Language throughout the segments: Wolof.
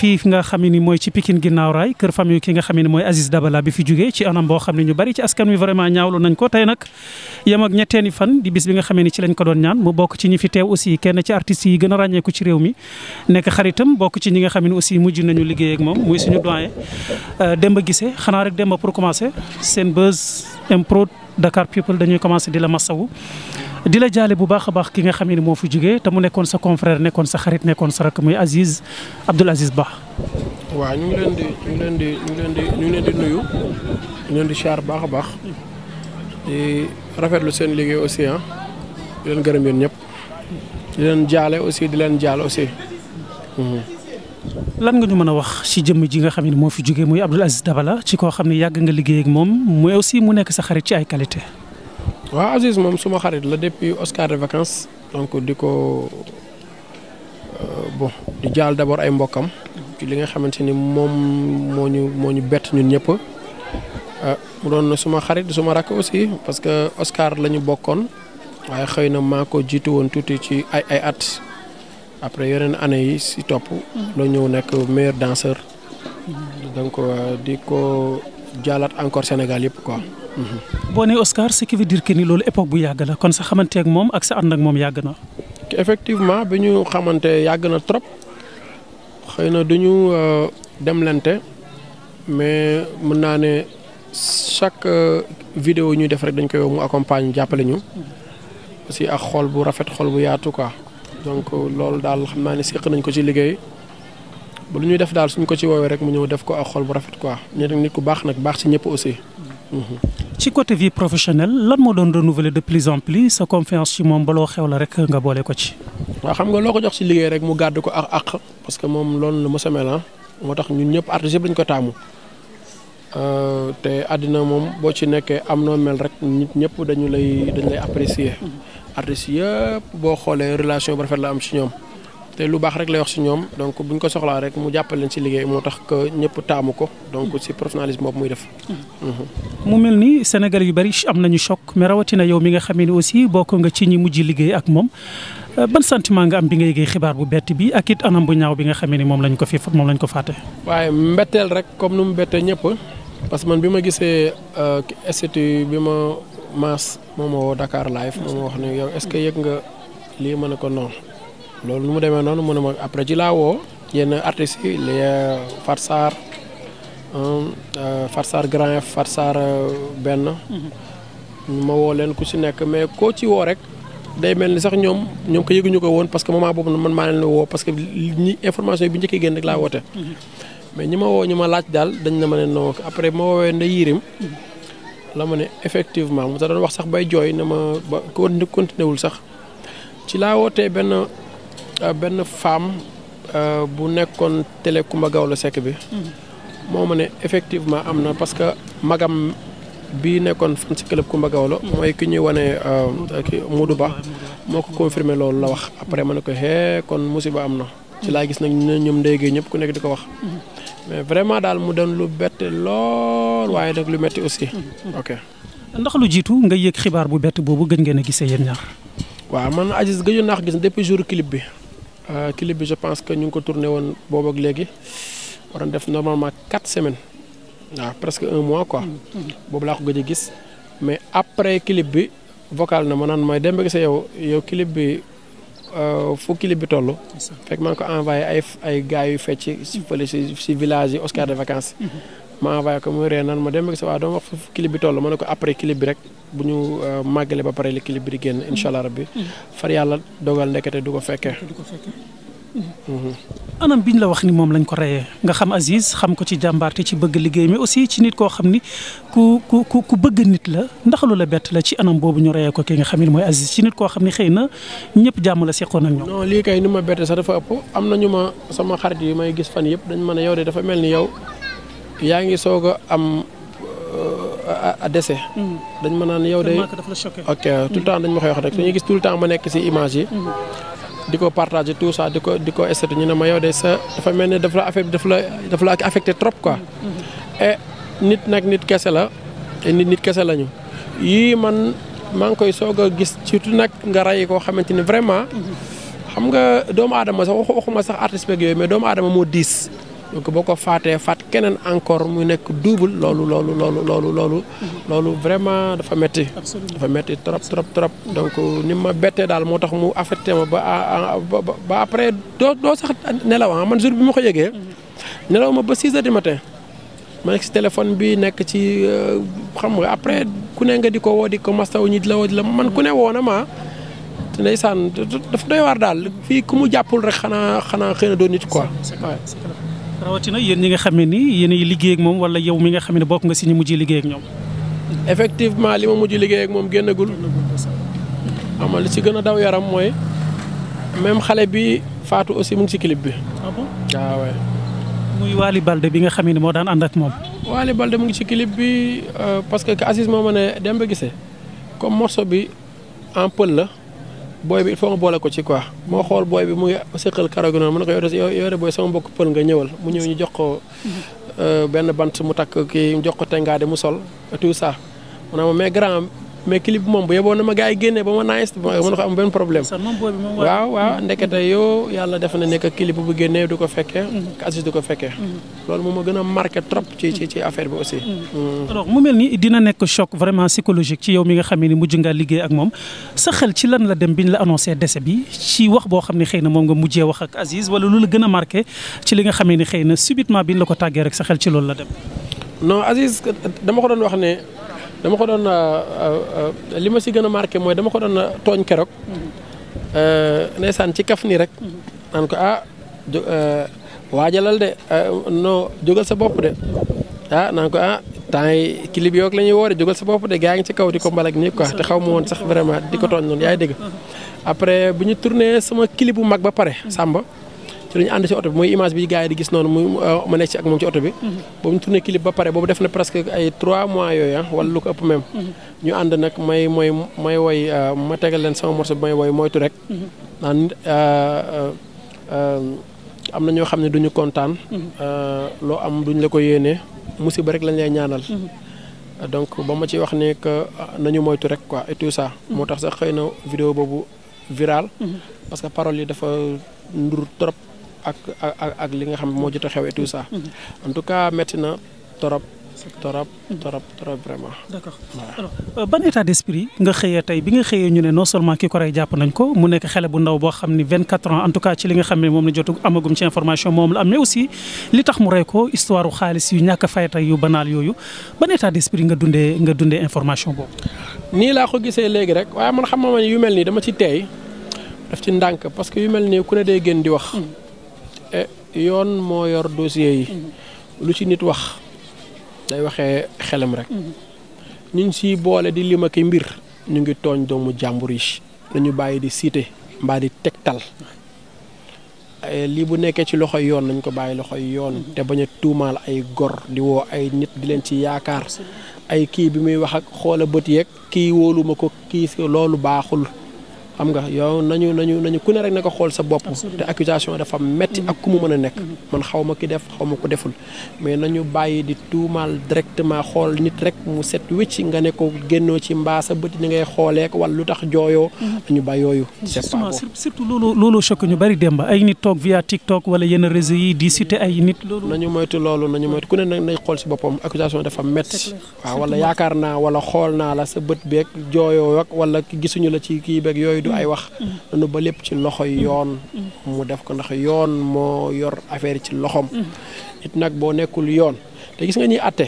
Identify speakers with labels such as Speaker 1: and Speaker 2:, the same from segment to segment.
Speaker 1: fii nga xam ni mooy ci Pikine ginnaaw raay kër famille ki nga xam ne mooy Aziz Dabala bi fi jugee ci anam boo xam ne ñu bari ci askan wi vraiment ñaawlu nañ ko tey nag yem ñetteeni fan di bis bi nga xamee ni ci lañ ko doon ñaan mu bokk ci ñi fi teew aussi kenn ci artistes yi gën a ràññeeku ci réew mi nekk xaritam bokk ci ñi nga xam ne aussi mujj nañu liggéey ak moom muy suñu dem euh, Demba Guissé xanaa rek dem Demba pour commencer Senbuzz Improd Dakar People dañuy commencer di la masawu di la jaale bu baax a baax ki nga xam ne moo fi jógee te mu nekkoon sa confrère nekkoon sa xarit nekkoon sa rak muy Aziz Abdoul Aziz Ba.
Speaker 2: waaw ñu leen di ñu leen di ñu ngi leen di ñu leen di nuyu ñu di siyaar baax a baax di seen liggéey aussi ah di leen gërëm yéen ñëpp di leen jaale aussi di leen jaal aussi. Hmm.
Speaker 1: lan nga ñu mën a wax ci jëmm ji nga xam ne moo fi jógee muy Abdoul Aziz Dabala ci koo xam ne yàgg nga liggéey ak moom mooy aussi mu nekk sa xarit ci ay
Speaker 2: waaw Aziz moom suma xarit la depuis Oscar de vacances donc di ko euh, bon di jaal d'abord ay mbokkam ci li nga xamante ni moom moo ñu moo ñu bett ñun ñëpp euh, mu doon suma xarit suma rakk aussi parce que Oscar la ñu bokkoon waaye xëy na maa ko jiitu woon tuuti ci ay ay at après yeneen année yi si topp la ñëw nekk meilleur danseur mm-hmm. donc euh, di ko jaalaat encore Sénégal yëpp quoi Mhm. boo nee Oscar ce
Speaker 1: qui veut dire que ni loolu époque bu yàgg la kon sa xamanteeg moom ak sa ànd ak moom yàgg na.
Speaker 2: effectivement bi ñu xamante yàgg na trop xëy na duñu euh, demlante mais mën naa ne chaque euh, vidéo ñuy def rek dañ koy mu accompagne jàppale ñu aussi ak xool bu rafet xool bu yaatu quoi donc euh, loolu daal xam naa ne seq nañ ko ci liggéey ba lu ñuy def daal suñ ko ci woowee rek mu ñëw def ko ak xool bu rafet quoi nit nit ku baax nag baax ci ñëpp aussi. Mhm.
Speaker 1: ci côté vie professionnelle lan moo doon renouveler de plus en plus sa confiance ci moom baloo xew la rek nga boole ko ci.
Speaker 2: waaw xam nga loo ko jox ci liggéey rek mu gàdd ko ak ak parce que moom loolu la mos a mel moo tax ñun ñëpp artistes yëpp dañu ko taamu euh, te àddina moom boo ci nekkee am noo mel rek nit ñëpp dañu lay dañu lay apprécier artistes yëpp boo xoolee relation bu rafet la am ci ñoom. te lu baax rek lay wax si ñoom donc buñ ko soxlaa rek mu jàppale leen si liggéey moo tax que ñëpp taamu ko donc si professionnalisme boobu muy def. Mhm.
Speaker 1: mu mel ni Sénégal yu bari am nañu choc mais rawatina yow mi nga xame ne aussi bokk nga ci ñi mujj liggéey ak moom euh, ban sentiment nga bi nga yëgee xibaar bu bett bi ak it anam bu ñaaw bi nga xam ne moom lañ ko fi moom lañ ko fàtte.
Speaker 2: waaye mbetteel rek comme nu mu bettee ñëpp parce que man bi ma gisee euh, institut bi ma maas moom moo dakaar Dakar Live moom wax ne yow est-ce que yëg nga lii mën a ko noonu. loolu nu mu demee noonu mu ne ma après ci laa woo yenn artistes yi les euh, Farsar euh, Farsar Grand Farsar euh, benn. ñu mhm. ma woo leen ku si nekk mais koo ci woo rek. day mel ni sax ñoom ñoom ko yëguñu ko woon parce que moment boobu man maa leen woo parce que ñi information bi bu génn rek laa woote. Mhm. mais ñi ma woo ñu ma laaj daal dañ na ma ne non après ma woowee nda yirim mhm. la ma ne effectivement mu ta doon wax sax bay jooy na ma ba continué wul sax ci laa wootee benn. Euh, benn femme euh, bu nekkoon télé Kumba Gawlo Seck bi. Mm-hmm. moo ma ne effectivement am na parce que magam bi nekkoon si club Kumba Gawlo mm-hmm. mooy ki ñuy wane euh, kii Modou Ba moo ko confirmé loolu la wax après ma ne ko hee kon musiba am na. ci laa gis nag ñoom ndéygee ñëpp ku nekk di ko wax. Mm-hmm. mais vraiment daal mu doon lu bett lool waaye nag lu metti aussi. ok ndax lu jiitu nga yëg
Speaker 1: xibaar bu bett boobu gëj ngeen a gisee yéen ñaar.
Speaker 2: waaw man Aziz gëjoon naa gis depuis jour clip bi. Euh, clip bi je pense que ñu ngi ko tourné woon boobu ak léegi waroon def normalement quatre semaines waaw presque un mois quoi. boobu laa ko gëj gis mais après clip bi vocal na ma naan mooy Demba Guissé yow yow clip bi euh, fu clip bi toll. fekk maa ngi ko envoyé ay ay gars yu fecc si fële si si village yi Oscar de vacances. Mhm. ma envoyé ko muy ree nan ma dem ba gis waaw dama wax fu clip bi toll ma ne ko après clip bi rek bu ñu euh, màggalee ba pare li clip bi di génn mm-hmm. incha allah rabbi mm-hmm. far yàlla dogal ndekete du ko fekkee.
Speaker 1: Mm-hmm. anam ñu la wax ni moom lañ ko reyee nga xam Aziz xam ko ci jàmbaarte ci bëgg liggéey mais aussi ci nit koo xam ni ku ku ku bëgg nit la ndax lu la bett la ci anam boobu ñu reyee ko ki nga xam ne mooy Aziz ci nit koo xam ni xëy na ñëpp jàmm la se ak ñoom.
Speaker 2: non lii ni ma bette sax dafa ëpp am na ñu ma sama xarit yi may gis fan yëpp dañ ma ne yow de dafa mel ni yow yaa ngi soog a am euh, a dese. Mm-hmm. dañ ma naan yow de
Speaker 1: ok tout le temps dañ ma koy wax rek dañuy gis
Speaker 2: tout le nekk ci image
Speaker 1: mm-hmm.
Speaker 2: di ko partager tout ça di ko di ko statut ñu ne ma yow de sa dafa mel ne daf la affaire la daf la affecté trop quoi. e nit nag nit kese la nit nit kese lañu yii man maa ngi koy soog a gis surtout nag nga rey koo xamante ni vraiment. xam nga doomu aadama sax waxuma sax artiste beeg yooyu mais doomu aadama moo diis. donc boo ko faatee faat keneen encore mu nekk double loolu loolu loolu loolu loolu. loolu vraiment dafa metti dafa metti trop trop trop. donc ni ma bettee daal moo tax mu affecté ma ba ah, ah, ba après doo doo sax nelawaan ah, man jour bi ma ko yëgee. nelaw ma ba 6 heures du ma nekk si téléphone bi nekk ci euh, xam nga après ku ne nga di ko woo di ko mastaw ñi di la woo di la man ku ne woo na ma te ndeysaan dafa doy waar daal fii ku mu jàppul rek xanaa xanaa xëy na doo nit quoi.
Speaker 1: rawatina yéen ñi nga xam ne ni yéenay liggéey ak moom wala yow mi nga xam ne bokk nga si ñu mujj liggéey ak ñoom.
Speaker 2: effectivement li ma mujj liggéey ak moom génnagul. xam li ci gën a daw yaram mooy même xale bi Fatou aussi mu ngi ci clip bi. waaw ah ah muy Waly Balde bi nga xam ne moo daan ànd ak moom. Waly Balde mu ngi ci clip bi euh, parce que Aziz moo ma ne ba Guissé comme morceau bi en la. booy bi il faut ko ci quoi moo xool booy bi mu ngi sëqal karaw gi noonu ko yow yow de booy sama mbokk pël nga ñëwal mu ñëw ñu jox mm-hmm. euh, benn bant mu takk kii jox ko tengaade mu sol tout ça mu ne ma mais grand mais clip bi moom bu yeboon na ma gars yi génnee ba ma nice ba ma mën ko am benn problème waaw waaw ndekete yoo yàlla def nekk clip bu génnee du ko fekkee mhm. Aziz du ko fekkee mhm. loolu moom ma gën a marqué trop ci ci ci affaire bi aussi mhm.
Speaker 1: mel ni dina nekk choc vraiment psychologique ci yow mi nga xam ni mujj nga liggéey ak moom sa xel ci lan la dem biñ la annoncé décès bi wax boo xam ne xëy na moom nga mujjee wax ak Aziz wala lu la gën a marqué ci li nga xam ne xëy na subitement bi la ko tàggee rek sa xel ci loolu la
Speaker 2: dem non Aziz dama ko doon wax ne dama ko doon euh, euh, li ma si gën a marqué mooy dama ko doon euh, tooñ keroog. ndeysaan ci kaf nii rek. naan ko ah waajalal de non jógal sa bopp de ah naan ko ah temps yi clip yoog la ñuy woore jógal sa bopp de gaa ngi ci kaw di ko mbalak nii quoi te xaw ma woon sax vraiment di ko tooñ noonu yaay dégg. après bu ñu tourné sama clip bu mag ba pare sàmba ci lañu ànd si oto bi mooy image bi gars yi di gis noonu mu euh, ma nekk si ak moom ci oto bi mm-hmm. boobu ba pare boobu def na presque ay 3 mois yooyu ah wala lu ko ëpp même mm-hmm. ñu ànd nag may mooy may woy euh, ma tegal leen sama morceau bi may woy moytu rek mm-hmm. euh, am na ñoo xam ne duñu kontaan loo am duñ la ko yéenee musiba rek lañ lay ñaanal donc ba ma ci wax ne que nañu moytu rek quoi et tout ça moo tax sax xëy na vidéo boobu viral parce que parole yi dafa ndur trop ak li nga xam moo jot a xew et tout ça. Mm-hmm. en tout cas métti na torop torop mm-hmm. torop torop vraiment. d'accord
Speaker 1: alors euh, ban état nga xëyee tey bi nga xëyee ñu ne non seulement ki ko rey jàpp nañ ko mu nekk xale bu ndaw boo xam ni 24 ans en tout ci li nga xam ne moom la jot amagum ci information moom la am mais aussi li tax mu rey ko histoire u xaalis yu ñàkk fayta yu banaal yooyu ban état d'esprit nga dundee nga dundee information boobu.
Speaker 2: nii laa ko gisee léegi rek waaye man xam nga yu mel nii dama ci tey daf ci ndànk parce que mel nii ku ne day di wax. Mm. Eh, yoon moo yor dossier yi mhm. lu ci nit wax day waxee xelam rek mhm. ñu ngi si boole di lim ak mbir ñu ngi tooñ doomu jàmbur yi nañu bàyyi di siite mbaa di tegtal eh, lii bu nekkee ci loxo yoon nañ ko bàyyi loxoy yoon mhm. te bañ a tuumaal ay gor di woo ay nit di leen ci yaakaar ay kii bi muy wax ak xoola bët yeeg kii wóoluma ko kii loolu baaxul xam nga yow nañu nañu nañu ku ne rek na ko xool sa bopp te accusation dafa metti ak ku mu mën nekk mm-hmm. man xaw ma ki def xaw ma ko deful mais nañu bàyyi di tuumaal directement xool nit rek mu set wécc nga ne ko génnoo ci mbaa bët ni ngay xooleek wala lu tax jooyoo mm-hmm. nañu bàyyi yooyu justement
Speaker 1: surtout loolu loolu choc ñu bari démb
Speaker 2: ay nit toog via wala yenn réseau yi di cité ay nit loolu nañu moytu loolu nañu moytu ku ne nag nañ xool si boppam accusation dafa metti waaw wala yaakaar naa wala xool naa la sa bët beek jooyoo ak wala gisuñu la ci kii beeg yooyu ay wax nanu ba lépp ci loxo yoon mu def ko ndax yoon moo yor affaire ci loxoom mm-hmm. nit nag boo nekkul yoon te gis nga ñuy àtte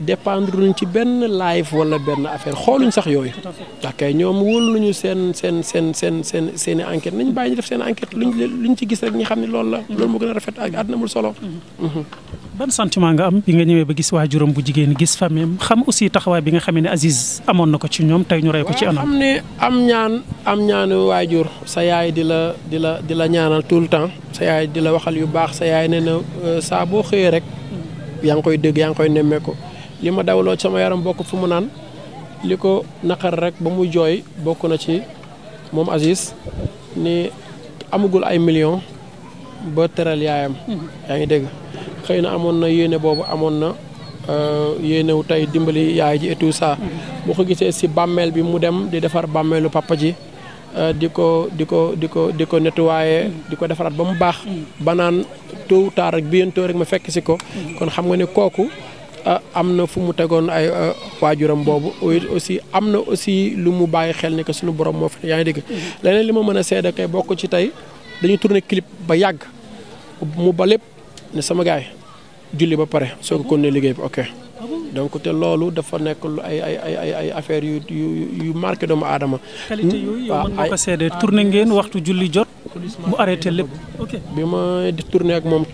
Speaker 2: dépendre luñ ci benn live wala benn affaire xooluñ sax yooyu. ndax kay ñoom wóolu nañu seen seen seen seen seen seen i enquête nañ bàyyi ñu def seen enquête luñ ñu ci gis rek ñi xam ne lool la. loolu moo gën a rafet ak àddina amul solo. Mm-hmm. Mm-hmm.
Speaker 1: ban sentiment nga am bi nga ñëwee ba gis waajuram bu jigéen gis famille xam aussi taxawaay bi nga xamee ne Aziz amoon na ko ci ñoom tey ñu rey ko ci anam. xam
Speaker 2: ne am ñaan am ñaanu waajur sa yaay di la di la di la ñaanal tout le temps sa yaay di la waxal yu sa yaay nee na euh, saa boo xëyee rek mm-hmm. yaa ngi koy dégg yaa ngi koy nemmee ko li ma dawloo sama yaram bokk fu mu naan li ko naqar rek ba mu jooy bokk na ci moom Aziz ni amagul ay millions ba teral yaayam. yaa ngi dégg xëy na amoon na yéene boobu amoon na euh, yéenewu tey dimbali yaay ji et tout boo ko gisee si bàmmeel bi mu dem di defar bàmmeelu papa ji. Euh, di ko di ko di ko di ko nettoyé di ko defaraat ba mu baax. ba naan tôt ou tard rek bientôt rek ma fekk si ko. kon xam nga ne kooku. am na fu mu tegoon ay euh, waajuram boobu aussi am na aussi lu mu bàyyi xel ne que suñu borom moo fi yaa ngi dégg. Mm-hmm. leneen li ma mën a seede kay bokk ci tey dañu tourne clip ba yàgg mu ba lépp ne sama gaay julli ba pare soo ko continuer liggéey bi ok. Ah donc te loolu dafa nekk ay ay ay ay affaires yu yu yu marqué doomu aadama. qualité hmm? yooyu yow ngeen waxtu julli jot. Ah, mu arrêté lépp bi ma di ak moom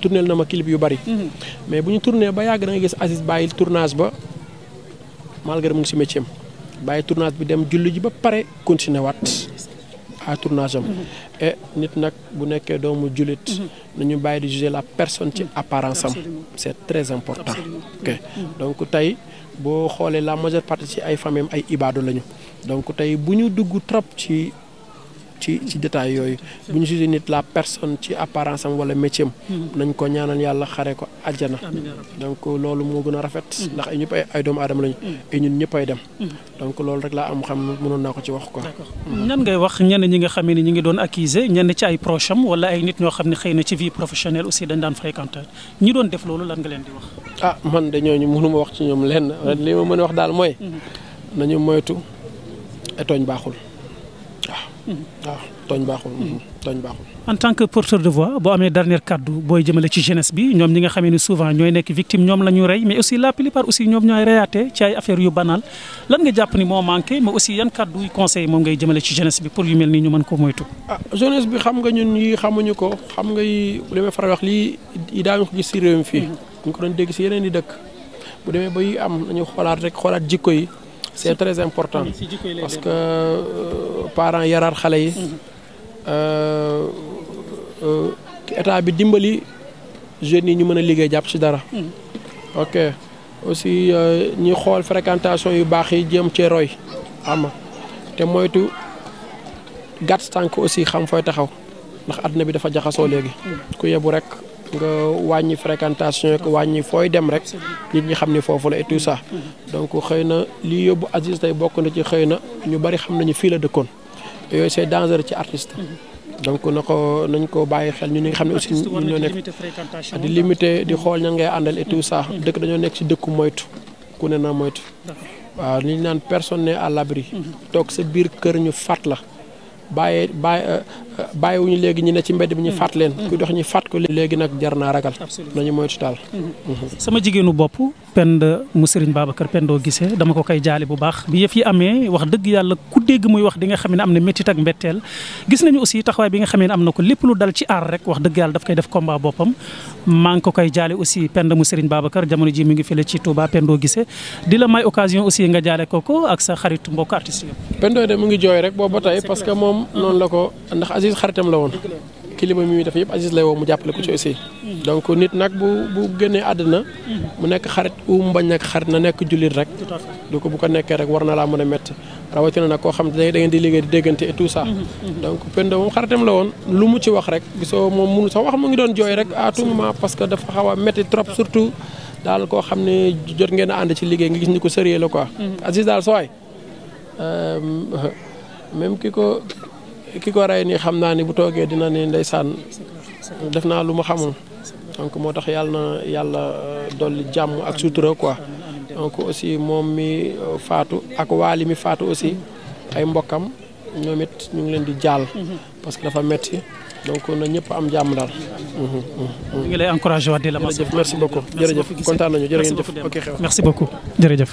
Speaker 2: tournel na ma clip yu bari. Mhm. mais bu ñu tourné ba yàgg da nga gis Aziz bàyyi tournage ba malgré mu ngi si métier am bàyyi tournage bi dem julli ji ba pare continué waat à tournage e nit nag bu nekkee doomu jullit. Mhm. nañu bàyyi di juger la personne ci apparence am. est très important. ok donc tey boo xoolee la majeure partie ci ay famille ay ibaadu lañu. donc tey bu ñu dugg trop ci. ci ci détail yooyu bu ñu jugé nit la personne ci apparence am wala métier hmm. nañ ko ñaanal yàlla xare ko àjjana donc loolu moo gën a rafet hmm. ndax ay ñëpp ay doomu aadama lañu ay hmm. ñun ñëpp ay dem donc loolu rek laa am xam mënoon naa ko ci wax quoi
Speaker 1: ñan ngay wax ñenn ñi nga xamee ni ñi ngi doon accusé ñenn ci ay proche am wala ay nit ñoo xam ne xëy na ci vie professionnelle aussi dañ daan fréquenté ñi doon def loolu lan nga leen di
Speaker 2: wax ah man de ñooñu mënu ma wax ci ñoom lenn li ma mën a wax daal mooy nañu moytu tooñ baaxul waaw ah, tooñ baaxul. Mm-hmm. Hmm. tooñ baaxul.
Speaker 1: en tant que porteur de voix boo amee dernier kàddu booy jëmale ci jeunesse bi ñoom ñi nga xam ne souvent ñooy nekk victime ñoom la ñu rey mais aussi la plupart aussi ñoom ñooy reyaatee ci ay affaires yu banal lan jàpp ni moo manqué mais aussi yan kàddu yu conseil moom ngay jëmale ci jeunesse bi pour yu mel nii ñu ko moytu. ah jeunesse bi xam nga
Speaker 2: ñun xamuñu ko xam nga li may faral wax lii yi daañu ko gis si réew mi fii. Hmm. ñu ko doon dégg si yeneen di dëkk bu demee ba yi am nañu xoolaat rek xoolaat jikko yi c' est très important parce que euh, parent yaraat xale yi mhm. euh, euh, état bi dimbali jeunes yi ñu mën a liggéey jàpp ci dara. Mhm. ok aussi ñuy xool fréquentation yu baax yi jéem ci roy ama te moytu gàtt tànk aussi xam fooy taxaw ndax àdduna bi dafa jaxasoo léegi. Mhm. ku yebu rek nga euh, wàññi fréquentation ak wàññi fooy dem rek nit ñi xam ne foofu la et tout ça donc xëy na lii yóbbu Aziz tey bokk na ci xëy na ñu bari xam nañu fii la dëkkoon yooyu c'est dangereux ci artiste donc na ko nañ ko bàyyi xel ñu ni nga xam ne aussi ñu ñoo nekk di limité di xool ña ngay àndal et tout ça mm-hmm. dëkk dañoo nekk ci dëkku moytu ku ne na moytu waaw ñu naan personne n'est à l'abri mm-hmm. toog sa biir kër ñu fat la bàyyee bàyyi euh, bàyyiwuñu léegi ñu ne ci mbedd bi ñu hmm. faat leen. Hmm. kuy dox ñu faat ko léegi nag jar naa ragal. nañu moytu taal. Hmm.
Speaker 1: sama jigéenu bopp pend mu Serigne Babacar baax bi yëf yi yàlla ku dégg muy wax di nga xam ne am na métit ak mbetteel. gis nañu aussi taxawaay bi nga xam am na ko lépp lu dal ci wax dëgg yàlla daf koy def combat boppam maa ngi ko koy jaale aussi pend mu Serigne Babacar jamono ji mi ngi fële ci Touba pendoo gisee di la may occasion aussi nga jaale ko ko ak sa xarit
Speaker 2: mbokk artiste yi. pendoo de mu ngi jooy rek boobu ba parce que moom noonu la ko ndax Aziz xaritam la woon kilima mi muy def yëpp Aziz lay woo mu jàppale ko ci aussi. donc nit nag bu bu génnee àddina. mu nekk xarit ou mu bañ xarit na nekk jullit rek. du ko bu ko nekkee rek war na laa mën a métti rawatina nag koo xam ne da di liggéey di déggante et tout ça. Mm-hmm, mm-hmm. donc Penda moom xaritam la woon lu mu ci wax rek gisoo moom mënu sax wax mu ngi doon jooy rek à tout moment dafa xaw a trop surtout daal koo xam ne jot ngeen a ànd ci liggéey nga mm-hmm. euh, ko sérieux ko. ki ko rey nii xam naa ni bu toogee dina ni ndeysaan def naa lu ma xamul donc moo tax yàlla na yàlla euh, dolli jàmm ak sutura quoi donc aussi moom mi euh, faatu ak waali mi faatu aussi ay mbokkam ñoom it ñu ngi leen di jàll parce que dafa metti donc na ñëpp am jàmm daal. Mhm, mhm, mhm. ñu ngi lay
Speaker 1: encouragé waat di la. jërëjëf merci beaucoup jërëjëf
Speaker 2: kontaan nañu
Speaker 3: jërë ngeen xew jërëjëf.